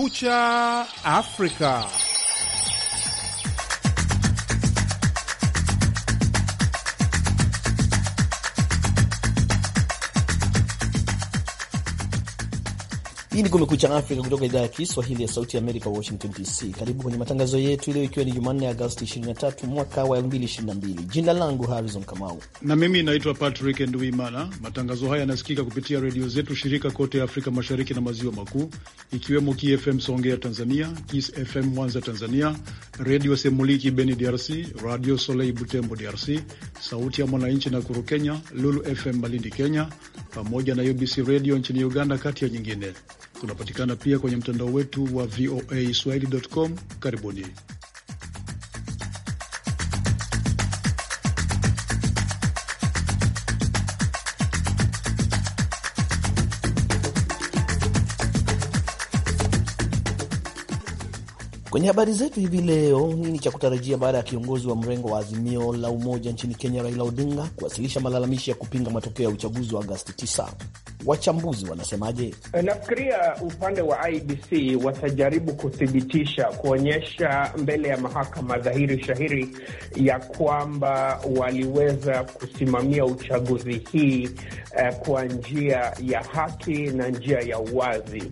Kumekucha Afrika. Hii ni Kumekucha Afrika kutoka idhaa ya Kiswahili ya Sauti Amerika, Washington DC. Karibu kwenye matangazo yetu leo, ikiwa ni Jumanne, Agosti 23 mwaka wa 2022. Jina langu Harrison Kamau na mimi naitwa Patrick Nduimana. Matangazo haya yanasikika kupitia redio zetu shirika kote Afrika Mashariki na Maziwa Makuu, ikiwemo KFM Songea Tanzania, Kiss FM Mwanza Tanzania, Redio Semuliki Beni DRC, Radio Soleil Butembo DRC, Sauti ya Mwananchi na Kuru Kenya, Lulu FM Malindi Kenya, pamoja na UBC Redio nchini Uganda, kati ya nyingine. Tunapatikana pia kwenye mtandao wetu wa VOA swahili.com. Karibuni. Kwenye habari zetu hivi leo, nini cha kutarajia baada ya kiongozi wa mrengo wa Azimio la Umoja nchini Kenya, Raila Odinga, kuwasilisha malalamishi ya kupinga matokeo ya uchaguzi wa Agasti 9? wachambuzi wanasemaje? Nafikiria upande wa IBC watajaribu kuthibitisha, kuonyesha mbele ya mahakama dhahiri shahiri ya kwamba waliweza kusimamia uchaguzi hii eh, kwa njia ya haki na njia ya uwazi.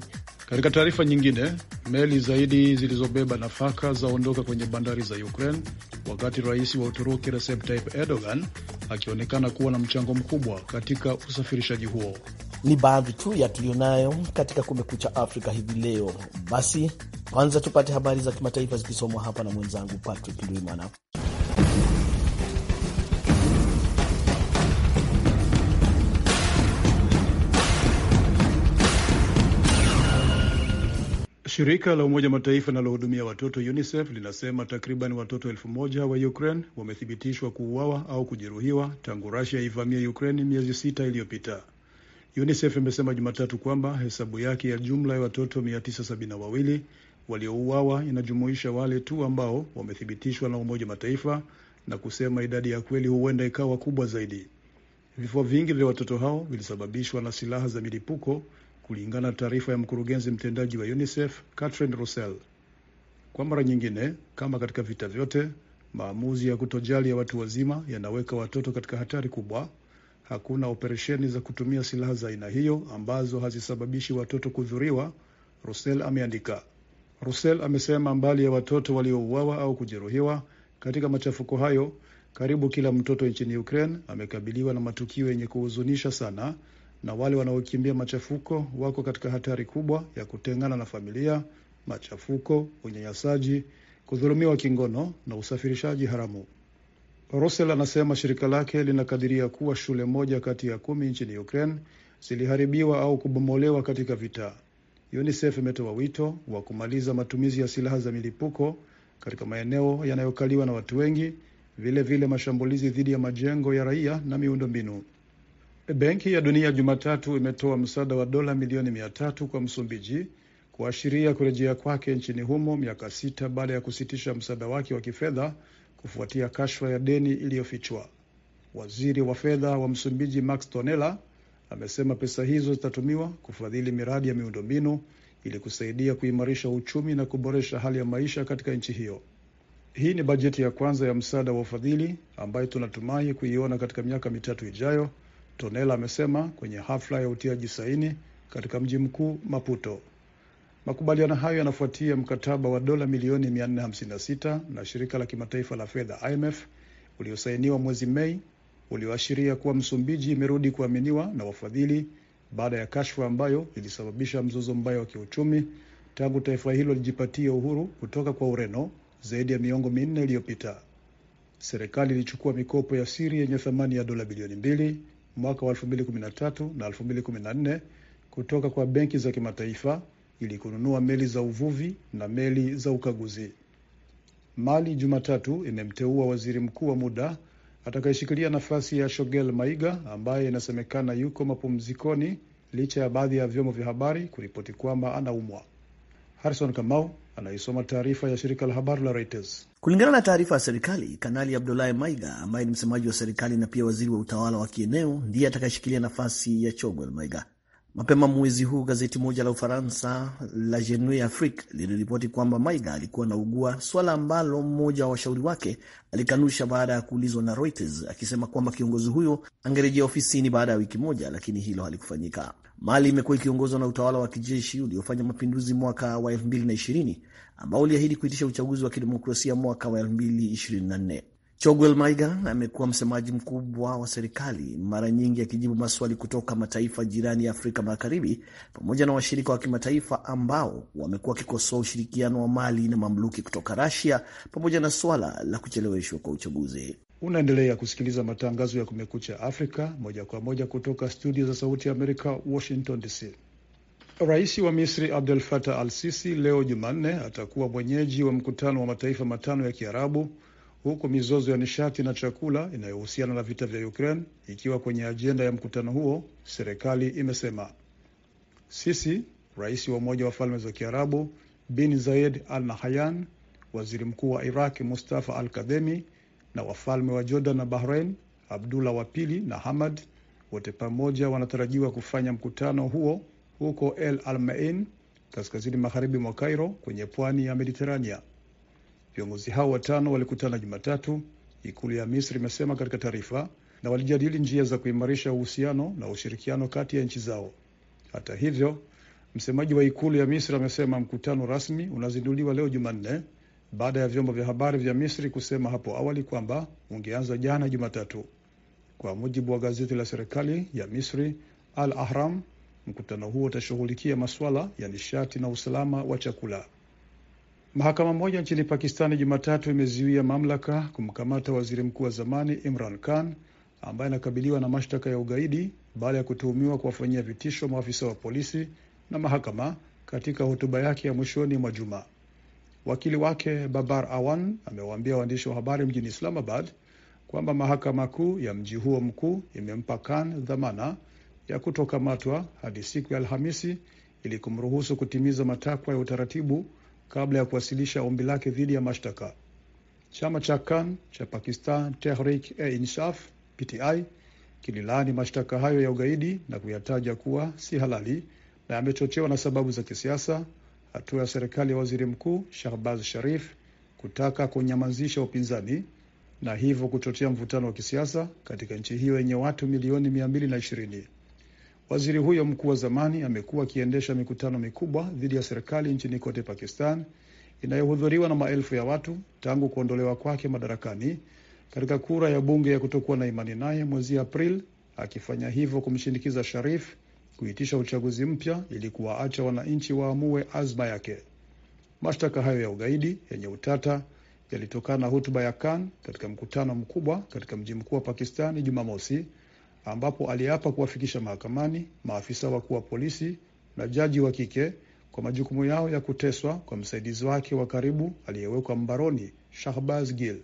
Katika taarifa nyingine, meli zaidi zilizobeba nafaka zaondoka kwenye bandari za Ukraine wakati rais wa Uturuki Recep Tayyip Erdogan akionekana kuwa na mchango mkubwa katika usafirishaji huo. Ni baadhi tu ya tuliyonayo katika Kumekucha Afrika hivi leo. Basi kwanza tupate habari za kimataifa zikisomwa hapa na mwenzangu Patrick Ndwimana. Shirika la Umoja Mataifa linalohudumia watoto UNICEF linasema takriban watoto elfu moja wa Ukraine wamethibitishwa kuuawa au kujeruhiwa tangu rusia ivamia Ukraine miezi sita iliyopita. UNICEF imesema Jumatatu kwamba hesabu yake ya jumla ya watoto 972 waliouawa inajumuisha wale tu ambao wamethibitishwa na Umoja Mataifa na kusema idadi ya kweli huenda ikawa kubwa zaidi. Vifo vingi vya watoto hao vilisababishwa na silaha za milipuko, kulingana na taarifa ya mkurugenzi mtendaji wa UNICEF Catherine Russell. Kwa mara nyingine, kama katika vita vyote, maamuzi ya kutojali ya watu wazima yanaweka watoto katika hatari kubwa, hakuna operesheni za kutumia silaha za aina hiyo ambazo hazisababishi watoto kudhuriwa, Russell ameandika. Russell amesema mbali ya watoto waliouawa au kujeruhiwa katika machafuko hayo, karibu kila mtoto nchini Ukraine amekabiliwa na matukio yenye kuhuzunisha sana, na wale wanaokimbia machafuko wako katika hatari kubwa ya kutengana na familia, machafuko, unyanyasaji, kudhulumiwa kingono na usafirishaji haramu. Rusel anasema shirika lake linakadiria kuwa shule moja kati ya kumi nchini Ukraine ziliharibiwa au kubomolewa katika vita. UNICEF imetoa wito wa kumaliza matumizi ya silaha za milipuko katika maeneo yanayokaliwa na watu wengi, vilevile vile mashambulizi dhidi ya majengo ya raia na miundo mbinu Benki ya Dunia Jumatatu imetoa msaada wa dola milioni mia tatu kwa Msumbiji kuashiria kurejea kwake nchini humo miaka sita baada ya kusitisha msaada wake wa kifedha kufuatia kashfa ya deni iliyofichwa. Waziri wa fedha wa Msumbiji Max Tonela amesema pesa hizo zitatumiwa kufadhili miradi ya miundombinu ili kusaidia kuimarisha uchumi na kuboresha hali ya maisha katika nchi hiyo. Hii ni bajeti ya kwanza ya msaada wa ufadhili ambayo tunatumai kuiona katika miaka mitatu ijayo, Tonela amesema kwenye hafla ya utiaji saini katika mji mkuu Maputo. Makubaliano hayo yanafuatia mkataba wa dola milioni 456 na shirika la kimataifa la fedha IMF uliosainiwa mwezi Mei, ulioashiria kuwa Msumbiji imerudi kuaminiwa na wafadhili baada ya kashfa ambayo ilisababisha mzozo mbaya wa kiuchumi tangu taifa hilo lijipatia uhuru kutoka kwa Ureno zaidi ya miongo minne iliyopita. Serikali ilichukua mikopo ya siri yenye thamani ya dola bilioni mbili mwaka wa 2013 na 2014 kutoka kwa benki za kimataifa ili kununua meli za uvuvi na meli za ukaguzi. Mali Jumatatu imemteua waziri mkuu wa muda atakayeshikilia nafasi ya Shogel Maiga ambaye inasemekana yuko mapumzikoni licha ya baadhi ya vyombo vya habari kuripoti kwamba anaumwa. Harrison Kamau anaisoma taarifa ya shirika la habari la Reuters. Kulingana na taarifa ya serikali, Kanali Abdulahi Maiga ambaye ni msemaji wa serikali na pia waziri wa utawala wa kieneo ndiye atakayeshikilia nafasi ya Chogwel Maiga. Mapema mwezi huu gazeti moja la Ufaransa la Jeune Afrique liliripoti kwamba Maiga alikuwa anaugua, swala ambalo mmoja wa washauri wake alikanusha baada ya kuulizwa na Reuters akisema kwamba kiongozi huyo angerejea ofisini baada ya wiki moja, lakini hilo halikufanyika. Mali imekuwa ikiongozwa na utawala wa kijeshi uliofanya mapinduzi mwaka wa 2020 ambao uliahidi kuitisha uchaguzi wa kidemokrasia mwaka wa 2024. Choguel Maiga amekuwa msemaji mkubwa wa serikali, mara nyingi akijibu maswali kutoka mataifa jirani ya Afrika Magharibi pamoja na washirika wa kimataifa ambao wamekuwa wakikosoa ushirikiano wa Mali na mamluki kutoka Rasia pamoja na swala la kucheleweshwa kwa uchaguzi. Unaendelea kusikiliza matangazo ya Kumekucha Afrika moja kwa moja kutoka studio za Sauti ya Amerika, Washington DC. Rais wa Misri Abdel Fattah al Sisi leo Jumanne atakuwa mwenyeji wa mkutano wa mataifa matano ya Kiarabu huku mizozo ya nishati na chakula inayohusiana na vita vya Ukraine ikiwa kwenye ajenda ya mkutano huo, serikali imesema. Sisi, rais wa Umoja wa Falme za Kiarabu bin Zayed Al Nahyan, waziri mkuu wa Iraq Mustafa Al Kadhemi na wafalme wa Jordan na Bahrain Abdullah wa pili na Hamad wote pamoja wanatarajiwa kufanya mkutano huo huko El almain kaskazini magharibi mwa Cairo, kwenye pwani ya Mediterania. Viongozi hao watano walikutana Jumatatu, ikulu ya Misri imesema katika taarifa, na walijadili njia za kuimarisha uhusiano na ushirikiano kati ya nchi zao. Hata hivyo, msemaji wa ikulu ya Misri amesema mkutano rasmi unazinduliwa leo Jumanne baada ya vyombo vya habari vya Misri kusema hapo awali kwamba ungeanza jana Jumatatu. Kwa mujibu wa gazeti la serikali ya Misri Al Ahram, mkutano huo utashughulikia masuala ya nishati na usalama wa chakula. Mahakama moja nchini Pakistani Jumatatu imezuia mamlaka kumkamata waziri mkuu wa zamani Imran Khan ambaye anakabiliwa na mashtaka ya ugaidi baada ya kutuhumiwa kuwafanyia vitisho maafisa wa polisi na mahakama katika hotuba yake ya mwishoni mwa juma. Wakili wake Babar Awan amewaambia waandishi wa habari mjini Islamabad kwamba mahakama kuu ya mji huo mkuu imempa Khan dhamana ya kutokamatwa hadi siku ya Alhamisi ili kumruhusu kutimiza matakwa ya utaratibu kabla ya kuwasilisha ombi lake dhidi ya mashtaka. Chama cha KAN cha Pakistan tehrik e Insaf PTI kililaani mashtaka hayo ya ugaidi na kuyataja kuwa si halali na yamechochewa na sababu za kisiasa, hatua ya serikali ya waziri mkuu Shahbaz Sharif kutaka kunyamazisha upinzani na hivyo kuchochea mvutano wa kisiasa katika nchi hiyo yenye watu milioni 220. Waziri huyo mkuu wa zamani amekuwa akiendesha mikutano mikubwa dhidi ya serikali nchini kote Pakistan inayohudhuriwa na maelfu ya watu tangu kuondolewa kwake madarakani katika kura ya bunge ya kutokuwa na imani naye mwezi April, akifanya hivyo kumshinikiza Sharif kuitisha uchaguzi mpya ili kuwaacha wananchi waamue azma yake. Mashtaka hayo ya ugaidi yenye utata yalitokana na hutuba ya Khan katika mkutano mkubwa katika mji mkuu wa Pakistani Jumamosi ambapo aliapa kuwafikisha mahakamani maafisa wakuu wa polisi na jaji wa kike kwa majukumu yao ya kuteswa kwa msaidizi wake wa karibu aliyewekwa mbaroni Shahbaz Gil.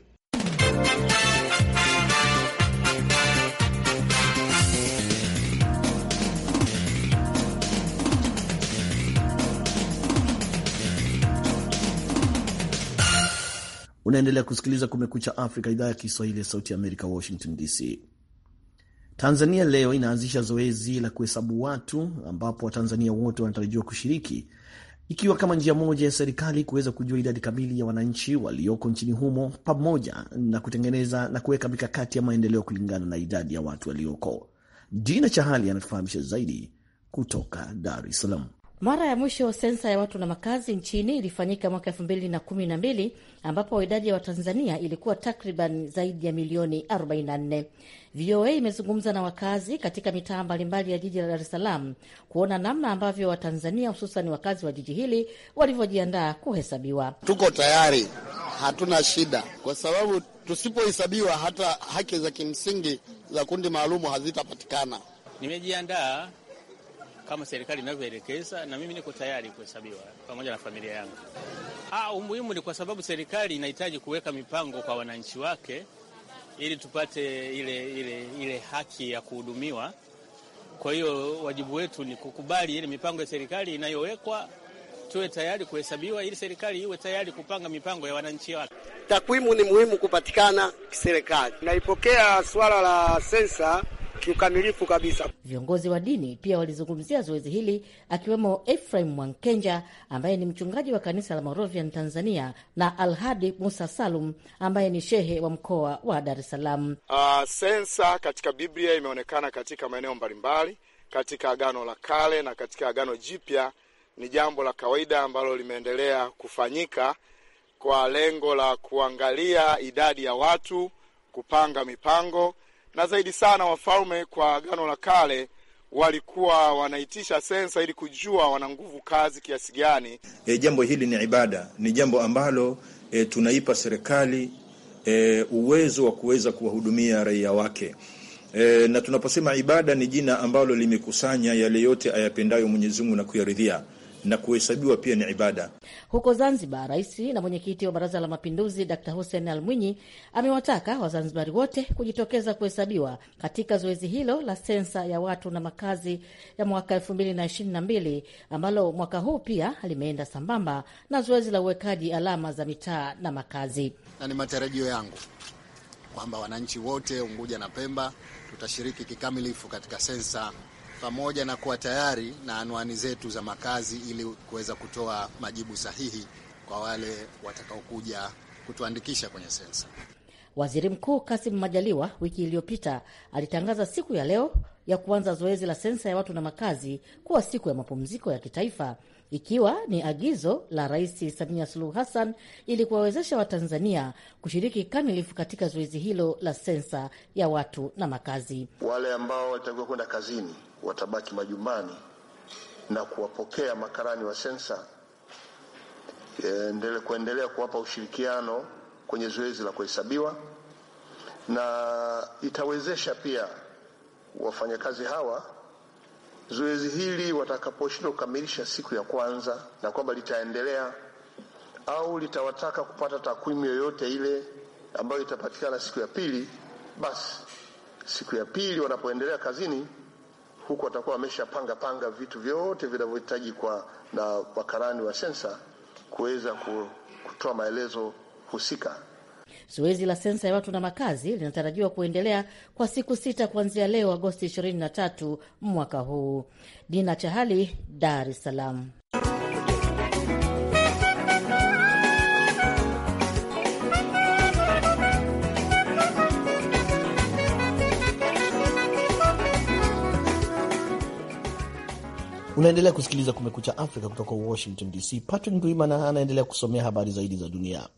Unaendelea kusikiliza Kumekucha Afrika, idhaa ya Kiswahili ya Sauti ya Amerika, Washington DC. Tanzania leo inaanzisha zoezi la kuhesabu watu ambapo Watanzania wote wanatarajiwa kushiriki ikiwa kama njia moja ya serikali kuweza kujua idadi kamili ya wananchi walioko nchini humo pamoja na kutengeneza na kuweka mikakati ya maendeleo kulingana na idadi ya watu walioko. Dina Chahali anatufahamisha zaidi kutoka Dar es Salaam. Mara ya mwisho sensa ya watu na makazi nchini ilifanyika mwaka elfu mbili na kumi na mbili ambapo idadi ya Watanzania ilikuwa takriban zaidi ya milioni 44. VOA imezungumza na wakazi katika mitaa mbalimbali ya jiji la Dar es Salaam kuona namna ambavyo Watanzania hususan wakazi wa jiji hili walivyojiandaa kuhesabiwa. Tuko tayari, hatuna shida, kwa sababu tusipohesabiwa hata haki za kimsingi za kundi maalumu hazitapatikana. Nimejiandaa kama serikali inavyoelekeza, na mimi niko tayari kuhesabiwa pamoja na familia yangu. Ah, umuhimu ni kwa sababu serikali inahitaji kuweka mipango kwa wananchi wake ili tupate ile, ile, ile haki ya kuhudumiwa. Kwa hiyo wajibu wetu ni kukubali ile mipango ya serikali inayowekwa, tuwe tayari kuhesabiwa ili serikali iwe tayari kupanga mipango ya wananchi wake. Takwimu ni muhimu kupatikana kiserikali. Naipokea suala la sensa kiukamilifu kabisa. Viongozi wa dini pia walizungumzia zoezi hili, akiwemo efraim Mwankenja ambaye ni mchungaji wa kanisa la Moravian Tanzania na Alhadi Musa Salum ambaye ni shehe wa mkoa wa Dar es Salaam. Uh, sensa katika Biblia imeonekana katika maeneo mbalimbali katika Agano la Kale na katika Agano Jipya ni jambo la kawaida ambalo limeendelea kufanyika kwa lengo la kuangalia idadi ya watu, kupanga mipango na zaidi sana wafalme kwa Agano la Kale walikuwa wanaitisha sensa ili kujua wana nguvu kazi kiasi gani. E, jambo hili ni ibada, ni jambo ambalo e, tunaipa serikali e, uwezo wa kuweza kuwahudumia raia wake. E, na tunaposema ibada ni jina ambalo limekusanya yale yote ayapendayo Mwenyezi Mungu na kuyaridhia na kuhesabiwa pia ni ibada. Huko Zanzibar, rais na mwenyekiti wa Baraza la Mapinduzi Dkt Hussein Almwinyi amewataka Wazanzibari wote kujitokeza kuhesabiwa katika zoezi hilo la sensa ya watu na makazi ya mwaka elfu mbili na ishirini na mbili ambalo mwaka huu pia limeenda sambamba na zoezi la uwekaji alama za mitaa na makazi, na ni matarajio yangu kwamba wananchi wote Unguja na Pemba tutashiriki kikamilifu katika sensa pamoja na kuwa tayari na anwani zetu za makazi ili kuweza kutoa majibu sahihi kwa wale watakaokuja kutuandikisha kwenye sensa. Waziri Mkuu Kasim Majaliwa wiki iliyopita alitangaza siku ya leo ya kuanza zoezi la sensa ya watu na makazi kuwa siku ya mapumziko ya kitaifa ikiwa ni agizo la Rais Samia Suluhu Hassan ili kuwawezesha Watanzania kushiriki kamilifu katika zoezi hilo la sensa ya watu na makazi. Wale ambao walitakiwa kwenda kazini watabaki majumbani na kuwapokea makarani wa sensa, endele kuendelea kuwapa ushirikiano kwenye zoezi la kuhesabiwa, na itawezesha pia wafanyakazi hawa zoezi hili watakaposhindwa kukamilisha siku ya kwanza, na kwamba litaendelea au litawataka kupata takwimu yoyote ile ambayo itapatikana siku ya pili, basi siku ya pili wanapoendelea kazini huku watakuwa wameshapanga panga vitu vyote vinavyohitaji kwa na wakarani wa sensa kuweza kutoa maelezo husika. Zoezi la sensa ya watu na makazi linatarajiwa kuendelea kwa siku sita kuanzia leo Agosti 23 mwaka huu. Dina Chahali, Dar es Salaam. Unaendelea kusikiliza Kumekucha Afrika kutoka Washington DC. Patrick Ndwimana anaendelea kusomea habari zaidi za dunia.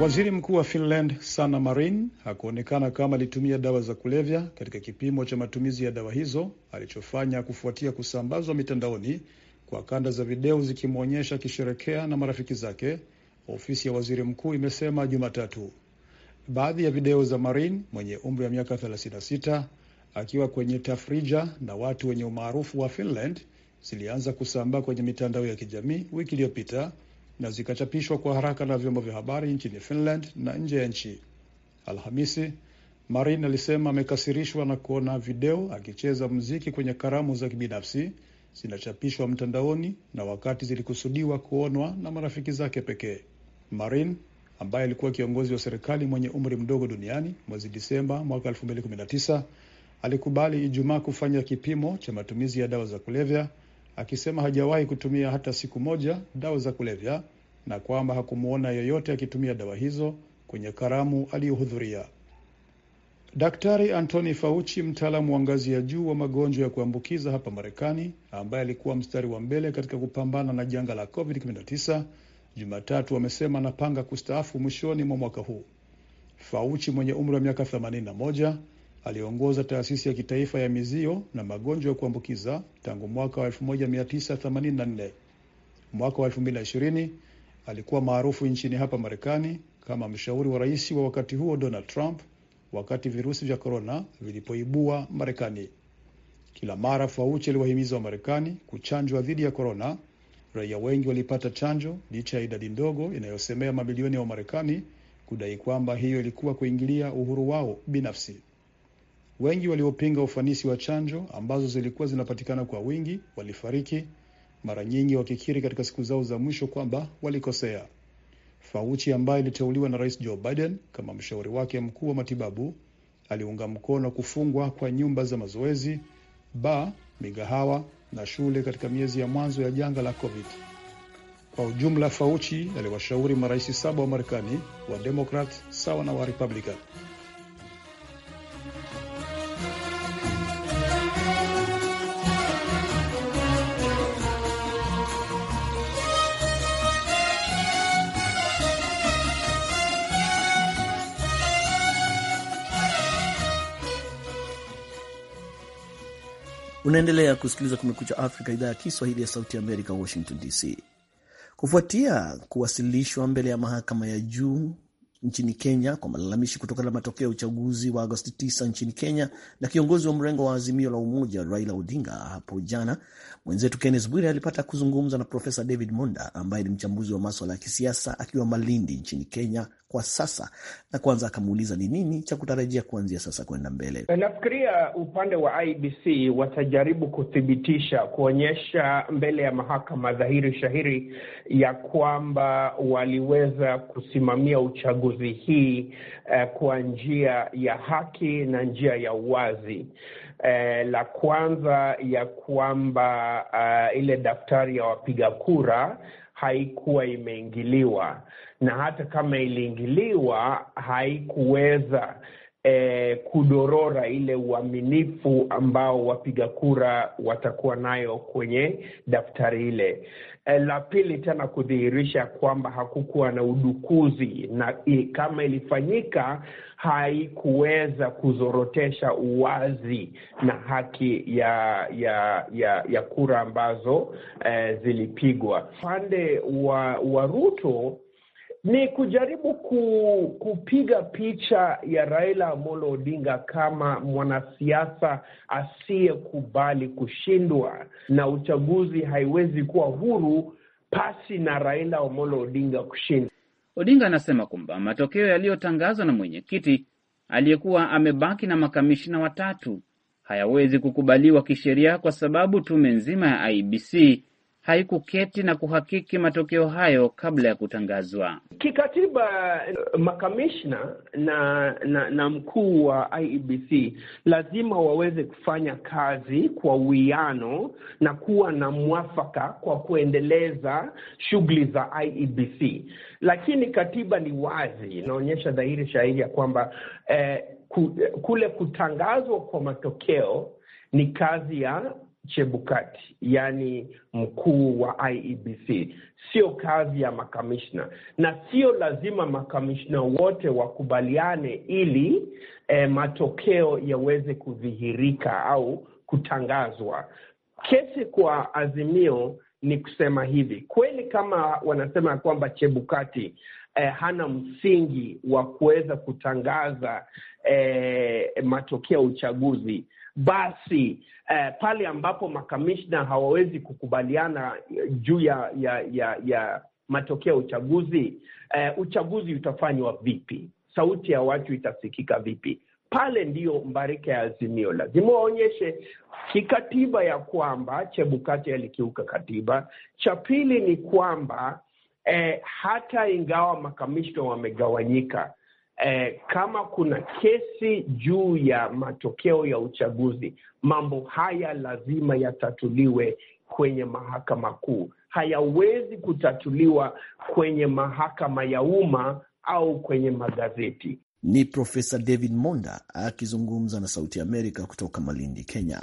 Waziri mkuu wa Finland Sanna Marin hakuonekana kama alitumia dawa za kulevya katika kipimo cha matumizi ya dawa hizo alichofanya kufuatia kusambazwa mitandaoni kwa kanda za video zikimwonyesha akisherekea na marafiki zake, ofisi ya waziri mkuu imesema Jumatatu. Baadhi ya video za Marin mwenye umri wa miaka 36 akiwa kwenye tafrija na watu wenye umaarufu wa Finland zilianza kusambaa kwenye mitandao ya kijamii wiki iliyopita na zikachapishwa kwa haraka na vyombo vya habari nchini Finland na nje ya nchi. Alhamisi, Marin alisema amekasirishwa na kuona video akicheza mziki kwenye karamu za kibinafsi zinachapishwa mtandaoni na wakati zilikusudiwa kuonwa na marafiki zake pekee. Marin ambaye alikuwa kiongozi wa serikali mwenye umri mdogo duniani mwezi Disemba mwaka 2019 alikubali Ijumaa kufanya kipimo cha matumizi ya dawa za kulevya akisema hajawahi kutumia hata siku moja dawa za kulevya na kwamba hakumwona yeyote akitumia dawa hizo kwenye karamu aliyohudhuria. Daktari Anthony Fauci, mtaalamu wa ngazi ya juu wa magonjwa ya kuambukiza hapa Marekani, ambaye alikuwa mstari wa mbele katika kupambana na janga la COVID-19, Jumatatu amesema anapanga kustaafu mwishoni mwa mwaka huu. Fauci mwenye umri wa miaka aliongoza taasisi ya kitaifa ya mizio na magonjwa ya kuambukiza tangu mwaka wa 1984. Mwaka wa 2020 alikuwa maarufu nchini hapa Marekani kama mshauri wa rais wa wakati huo Donald Trump wakati virusi vya korona vilipoibua Marekani. Kila mara Fauci aliwahimiza wa Marekani kuchanjwa dhidi ya korona. Raia wengi walipata chanjo licha ya idadi ndogo inayosemea mamilioni ya Wamarekani kudai kwamba hiyo ilikuwa kuingilia uhuru wao binafsi. Wengi waliopinga ufanisi wa chanjo ambazo zilikuwa zinapatikana kwa wingi walifariki, mara nyingi wakikiri katika siku zao za mwisho kwamba walikosea. Fauci ambaye aliteuliwa na Rais Joe Biden kama mshauri wake mkuu wa matibabu aliunga mkono kufungwa kwa nyumba za mazoezi, ba migahawa na shule katika miezi ya mwanzo ya janga la COVID. Kwa ujumla, Fauci aliwashauri marais saba wa Marekani wa Demokrat sawa na wa Republican. Unaendelea kusikiliza Kumekucha Afrika, idhaa ya Kiswahili ya Sauti Amerika, Washington DC. Kufuatia kuwasilishwa mbele ya mahakama ya juu nchini Kenya kwa malalamishi kutokana na matokeo ya uchaguzi wa Agosti 9 nchini Kenya na kiongozi wa mrengo wa Azimio la Umoja Raila Odinga hapo jana. Mwenzetu Kennes Bwire alipata kuzungumza na Profesa David Monda ambaye ni mchambuzi wa maswala ya kisiasa akiwa Malindi nchini Kenya kwa sasa, na kwanza akamuuliza ni nini cha kutarajia kuanzia sasa kwenda mbele. Eh, nafikiria upande wa IBC watajaribu kuthibitisha, kuonyesha mbele ya mahakama dhahiri shahiri ya kwamba waliweza kusimamia uchaguzi uchaguzi hii eh, kwa njia ya haki na njia ya uwazi. Eh, la kwanza ya kwamba uh, ile daftari ya wapiga kura haikuwa imeingiliwa na hata kama iliingiliwa haikuweza eh, kudorora ile uaminifu ambao wapiga kura watakuwa nayo kwenye daftari ile. Eh, la pili tena kudhihirisha kwamba hakukuwa na udukuzi na kama ilifanyika haikuweza kuzorotesha uwazi na haki ya ya ya, ya kura ambazo eh, zilipigwa. Upande wa, wa Ruto ni kujaribu ku, kupiga picha ya Raila Amolo Odinga kama mwanasiasa asiyekubali kushindwa, na uchaguzi haiwezi kuwa huru pasi na Raila Amolo Odinga kushinda. Odinga anasema kwamba matokeo yaliyotangazwa na mwenyekiti aliyekuwa amebaki na makamishina watatu hayawezi kukubaliwa kisheria kwa sababu tume nzima ya IBC haikuketi na kuhakiki matokeo hayo kabla ya kutangazwa kikatiba. Eh, makamishna na na, na mkuu wa IEBC lazima waweze kufanya kazi kwa uwiano na kuwa na mwafaka kwa kuendeleza shughuli za IEBC, lakini katiba ni wazi, inaonyesha dhahiri shahiri ya kwamba eh, eh, kule kutangazwa kwa matokeo ni kazi ya Chebukati, yaani mkuu wa IEBC. Sio kazi ya makamishna na sio lazima makamishna wote wakubaliane ili eh, matokeo yaweze kudhihirika au kutangazwa. Kesi kwa Azimio ni kusema hivi kweli, kama wanasema kwamba Chebukati eh, hana msingi wa kuweza kutangaza eh, matokeo ya uchaguzi basi eh, pale ambapo makamishna hawawezi kukubaliana eh, juu ya ya ya, ya matokeo ya uchaguzi eh, uchaguzi utafanywa vipi? Sauti ya watu itasikika vipi? Pale ndiyo Mbarika ya Azimio lazima waonyeshe kikatiba ya kwamba Chebukati alikiuka katiba. Cha pili ni kwamba eh, hata ingawa makamishna wamegawanyika eh, kama kuna kesi juu ya matokeo ya uchaguzi, mambo haya lazima yatatuliwe kwenye mahakama kuu. Hayawezi kutatuliwa kwenye mahakama ya umma au kwenye magazeti. Ni Profesa David Monda akizungumza na Sauti ya Amerika kutoka Malindi, Kenya.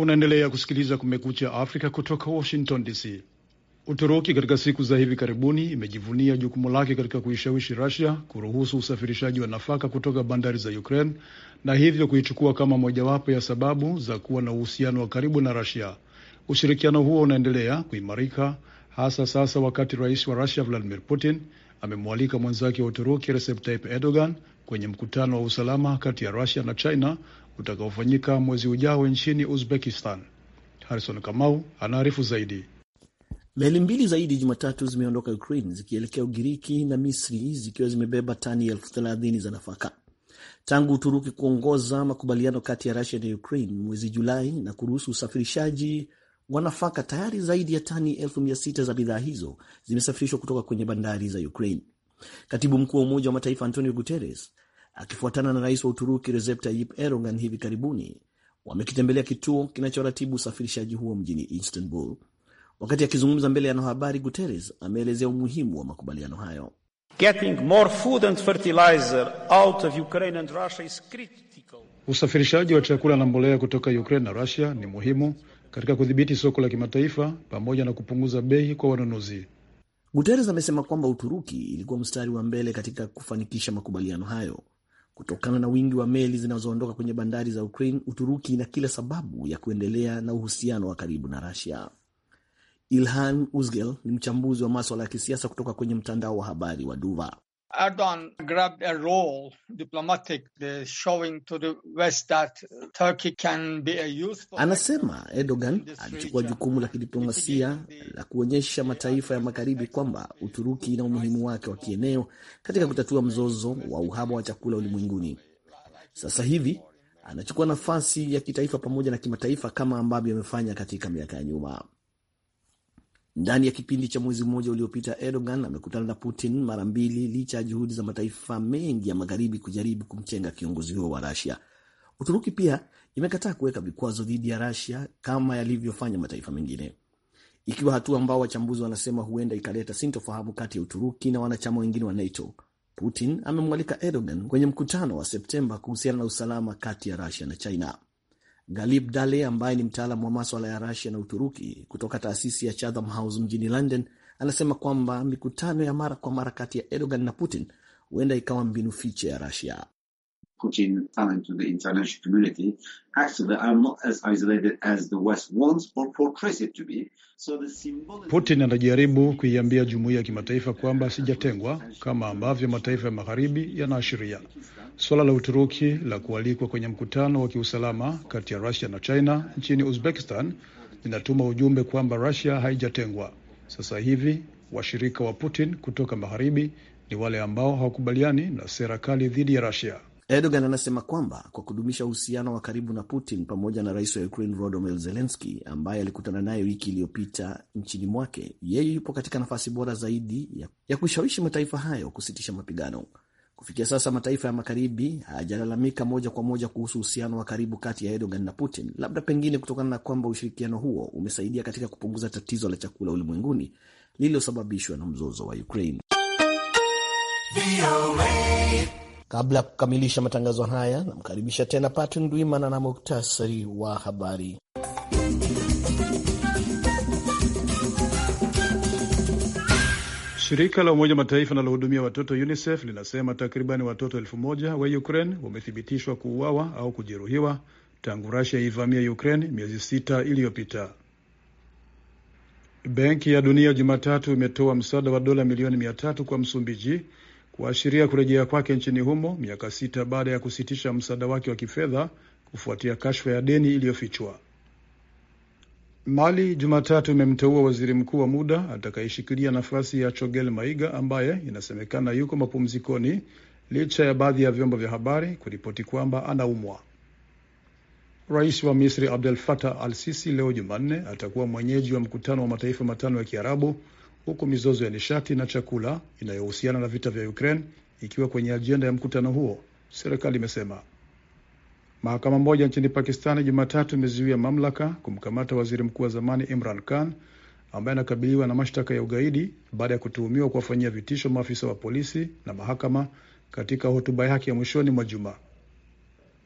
Unaendelea kusikiliza Kumekucha Afrika kutoka Washington DC. Uturuki katika siku za hivi karibuni imejivunia jukumu lake katika kuishawishi rasia kuruhusu usafirishaji wa nafaka kutoka bandari za Ukraine na hivyo kuichukua kama mojawapo ya sababu za kuwa na uhusiano wa karibu na rasia Ushirikiano huo unaendelea kuimarika hasa sasa wakati rais wa Rusia Vladimir Putin amemwalika mwenzake wa Uturuki Recep Tayyip Erdogan kwenye mkutano wa usalama kati ya rusia na China utakaofanyika mwezi ujao nchini Uzbekistan. Harrison Kamau anaarifu zaidi. Meli mbili zaidi Jumatatu zimeondoka Ukraine zikielekea Ugiriki na Misri zikiwa zimebeba tani elfu thelathini za nafaka. Tangu Uturuki kuongoza makubaliano kati ya Rusia na Ukraine mwezi Julai na kuruhusu usafirishaji wa nafaka, tayari zaidi ya tani elfu mia sita za bidhaa hizo zimesafirishwa kutoka kwenye bandari za Ukraine. Katibu mkuu wa Umoja wa Mataifa Antonio Guterres akifuatana na rais wa Uturuki Recep Tayyip Erdogan hivi karibuni, wamekitembelea kituo kinachoratibu usafirishaji huo mjini Istanbul. Wakati akizungumza mbele ya wanahabari, Guterres ameelezea umuhimu wa makubaliano hayo. Usafirishaji wa chakula na mbolea kutoka Ukraine na Russia ni muhimu katika kudhibiti soko la kimataifa pamoja na kupunguza bei kwa wanunuzi. Guterres amesema kwamba Uturuki ilikuwa mstari wa mbele katika kufanikisha makubaliano hayo kutokana na wingi wa meli zinazoondoka kwenye bandari za Ukraine. Uturuki ina kila sababu ya kuendelea na uhusiano wa karibu na Russia. Ilhan Uzgel ni mchambuzi wa maswala ya kisiasa kutoka kwenye mtandao wa habari wa Duva. Erdogan grabbed a role diplomatically showing to the West that Turkey can be a useful... Anasema Erdogan alichukua jukumu la kidiplomasia la kuonyesha mataifa ya magharibi kwamba Uturuki ina umuhimu wake wa kieneo katika kutatua mzozo wa uhaba wa chakula ulimwenguni. Sasa hivi anachukua nafasi ya kitaifa pamoja na kimataifa kama ambavyo amefanya katika miaka ya nyuma. Ndani ya kipindi cha mwezi mmoja uliopita, Erdogan amekutana na Putin mara mbili, licha ya juhudi za mataifa mengi ya magharibi kujaribu kumchenga kiongozi huo wa Rusia. Uturuki pia imekataa kuweka vikwazo dhidi ya Rusia kama yalivyofanya mataifa mengine, ikiwa hatua ambao wachambuzi wanasema huenda ikaleta sintofahamu kati ya Uturuki na wanachama wengine wa NATO. Putin amemwalika Erdogan kwenye mkutano wa Septemba kuhusiana na usalama kati ya Rusia na China. Galib Dale ambaye ni mtaalamu wa maswala ya Rasia na Uturuki kutoka taasisi ya Chatham House mjini London anasema kwamba mikutano ya mara kwa mara kati ya Erdogan na Putin huenda ikawa mbinu fiche ya Rasia putting talent to the international community. Actually, I'm not as isolated as the West wants or portrays it to be. So the Putin anajaribu kuiambia jumuiya ya kimataifa kwamba sijatengwa kama ambavyo mataifa ya magharibi yanaashiria. Suala la Uturuki la kualikwa kwenye mkutano wa kiusalama kati ya Russia na China nchini Uzbekistan linatuma ujumbe kwamba Russia haijatengwa. Sasa hivi washirika wa Putin kutoka magharibi ni wale ambao hawakubaliani na sera kali dhidi ya Russia. Erdogan anasema kwamba kwa kudumisha uhusiano wa karibu na Putin pamoja na rais wa Ukraine Volodymyr Zelensky ambaye alikutana naye wiki iliyopita nchini mwake, yeye yupo katika nafasi bora zaidi ya kushawishi mataifa hayo kusitisha mapigano. Kufikia sasa mataifa ya magharibi hayajalalamika moja kwa moja kuhusu uhusiano wa karibu kati ya Erdogan na Putin, labda pengine kutokana na kwamba ushirikiano huo umesaidia katika kupunguza tatizo la chakula ulimwenguni lililosababishwa na mzozo wa Ukraine. Kabla ya kukamilisha matangazo haya, namkaribisha tena patrick Ndwimana na muktasari wa habari. Shirika la Umoja Mataifa linalohudumia watoto UNICEF linasema takribani watoto elfu moja wa Ukraine wamethibitishwa kuuawa au kujeruhiwa tangu Rusia ivamia Ukraine miezi sita iliyopita. Benki ya Dunia Jumatatu imetoa msaada wa dola milioni mia tatu kwa Msumbiji kuashiria kurejea kwake nchini humo miaka sita baada ya kusitisha msaada wake wa kifedha kufuatia kashfa ya deni iliyofichwa. Mali Jumatatu imemteua waziri mkuu wa muda atakayeshikilia nafasi ya Chogel Maiga ambaye inasemekana yuko mapumzikoni licha ya baadhi ya vyombo vya habari kuripoti kwamba anaumwa. Rais wa Misri Abdel Fattah al Sisi leo Jumanne atakuwa mwenyeji wa mkutano wa mataifa matano ya Kiarabu huku mizozo ya nishati na chakula inayohusiana na vita vya Ukraine ikiwa kwenye ajenda ya mkutano huo, serikali imesema. Mahakama moja nchini Pakistani Jumatatu imezuia mamlaka kumkamata waziri mkuu wa zamani Imran Khan ambaye anakabiliwa na mashtaka ya ugaidi baada ya kutuhumiwa kuwafanyia vitisho maafisa wa polisi na mahakama katika hotuba yake ya mwishoni mwa juma.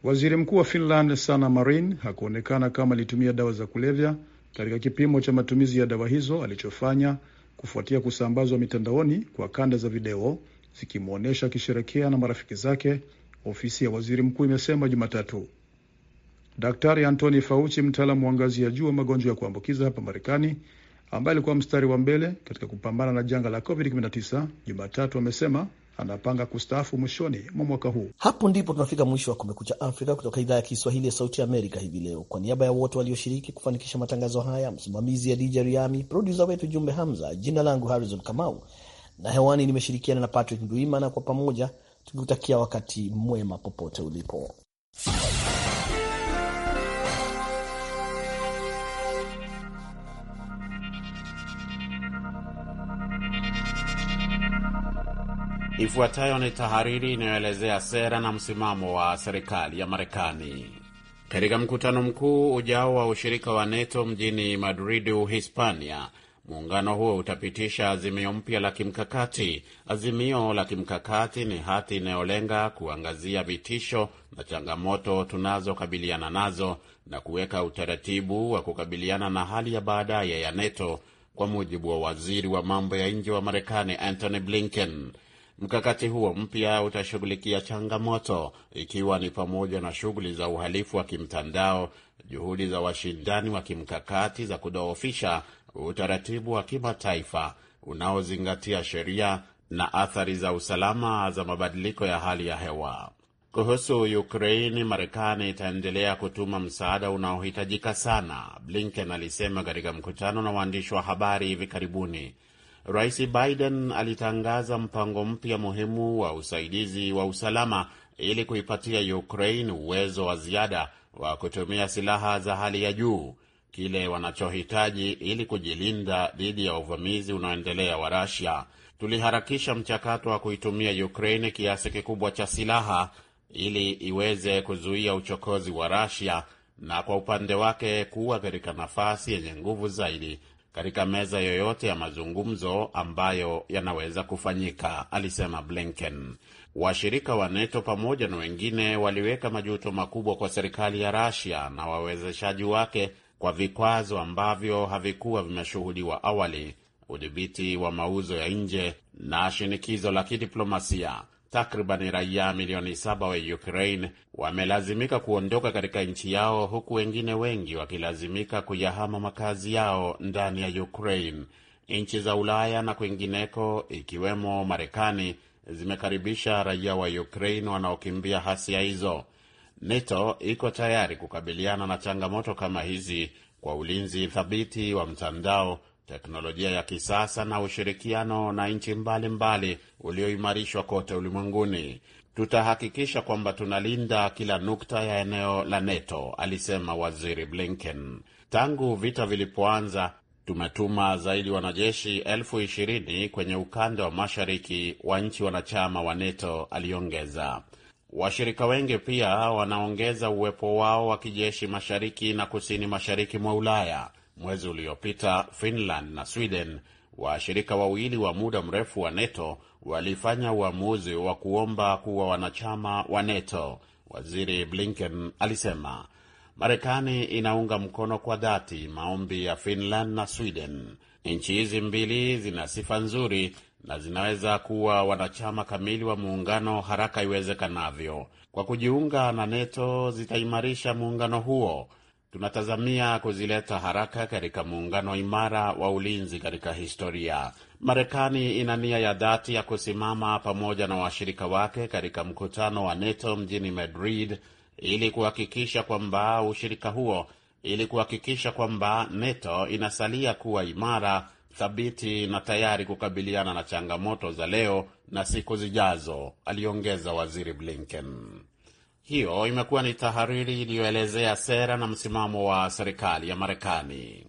Waziri mkuu wa Finland Sanna Marin hakuonekana kama alitumia dawa za kulevya katika kipimo cha matumizi ya dawa hizo alichofanya kufuatia kusambazwa mitandaoni kwa kanda za video zikimwonyesha akisherekea na marafiki zake, ofisi ya waziri mkuu imesema Jumatatu. Daktari Anthony Fauci, mtaalamu wa ngazi ya juu wa magonjwa ya kuambukiza hapa Marekani, ambaye alikuwa mstari wa mbele katika kupambana na janga la COVID-19, Jumatatu amesema anapanga kustaafu mwishoni mwa mwaka huu. Hapo ndipo tunafika mwisho wa Kumekucha Afrika kutoka idhaa ya Kiswahili ya Sauti ya Amerika hivi leo. Kwa niaba ya wote walioshiriki kufanikisha matangazo haya, msimamizi ya DJ Riami, produsa wetu Jumbe Hamza, jina langu Harrison Kamau na hewani nimeshirikiana na Patrick nduimana kwa pamoja tukikutakia wakati mwema popote ulipo. Ifuatayo ni tahariri inayoelezea sera na msimamo wa serikali ya Marekani. Katika mkutano mkuu ujao wa ushirika wa NATO mjini Madrid, Uhispania, muungano huo utapitisha azimio mpya la kimkakati. Azimio la kimkakati ni hati inayolenga kuangazia vitisho na changamoto tunazokabiliana nazo na kuweka utaratibu wa kukabiliana na hali ya baadaye ya NATO, kwa mujibu wa waziri wa mambo ya nje wa Marekani Antony Blinken. Mkakati huo mpya utashughulikia changamoto ikiwa ni pamoja na shughuli za uhalifu wa kimtandao, juhudi za washindani wa kimkakati za kudhoofisha utaratibu wa kimataifa unaozingatia sheria na athari za usalama za mabadiliko ya hali ya hewa. Kuhusu Ukraini, Marekani itaendelea kutuma msaada unaohitajika sana, Blinken alisema katika mkutano na waandishi wa habari hivi karibuni. Rais Biden alitangaza mpango mpya muhimu wa usaidizi wa usalama ili kuipatia Ukraine uwezo wa ziada wa kutumia silaha za hali ya juu, kile wanachohitaji ili kujilinda dhidi ya uvamizi unaoendelea wa Russia. Tuliharakisha mchakato wa kuitumia Ukraine kiasi kikubwa cha silaha ili iweze kuzuia uchokozi wa Russia na kwa upande wake kuwa katika nafasi yenye nguvu zaidi katika meza yoyote ya mazungumzo ambayo yanaweza kufanyika, alisema Blinken. Washirika wa NATO pamoja na wengine waliweka majuto makubwa kwa serikali ya Rasia na wawezeshaji wake kwa vikwazo ambavyo havikuwa vimeshuhudiwa awali, udhibiti wa mauzo ya nje na shinikizo la kidiplomasia. Takriban raia milioni saba wa Ukraine wamelazimika kuondoka katika nchi yao huku wengine wengi wakilazimika kuyahama makazi yao ndani ya Ukraine. Nchi za Ulaya na kwingineko ikiwemo Marekani zimekaribisha raia wa Ukraine wanaokimbia hasia hizo. NATO iko tayari kukabiliana na changamoto kama hizi kwa ulinzi thabiti wa mtandao teknolojia ya kisasa na ushirikiano na nchi mbalimbali ulioimarishwa kote ulimwenguni. Tutahakikisha kwamba tunalinda kila nukta ya eneo la NATO, alisema Waziri Blinken. Tangu vita vilipoanza, tumetuma zaidi wanajeshi elfu ishirini kwenye ukanda wa mashariki wa nchi wanachama wa NATO, aliongeza. Washirika wengi pia wanaongeza uwepo wao wa kijeshi mashariki na kusini mashariki mwa Ulaya. Mwezi uliopita Finland na Sweden, washirika wawili wa muda mrefu wa NATO, walifanya uamuzi wa kuomba kuwa wanachama wa NATO. Waziri Blinken alisema Marekani inaunga mkono kwa dhati maombi ya Finland na Sweden. Nchi hizi mbili zina sifa nzuri na zinaweza kuwa wanachama kamili wa muungano haraka iwezekanavyo. Kwa kujiunga na NATO zitaimarisha muungano huo tunatazamia kuzileta haraka katika muungano imara wa ulinzi katika historia. Marekani ina nia ya dhati ya kusimama pamoja na washirika wake katika mkutano wa NATO mjini Madrid ili kuhakikisha kwamba ushirika huo ili kuhakikisha kwamba NATO inasalia kuwa imara, thabiti na tayari kukabiliana na changamoto za leo na siku zijazo, aliongeza Waziri Blinken. Hiyo imekuwa ni tahariri iliyoelezea sera na msimamo wa serikali ya Marekani.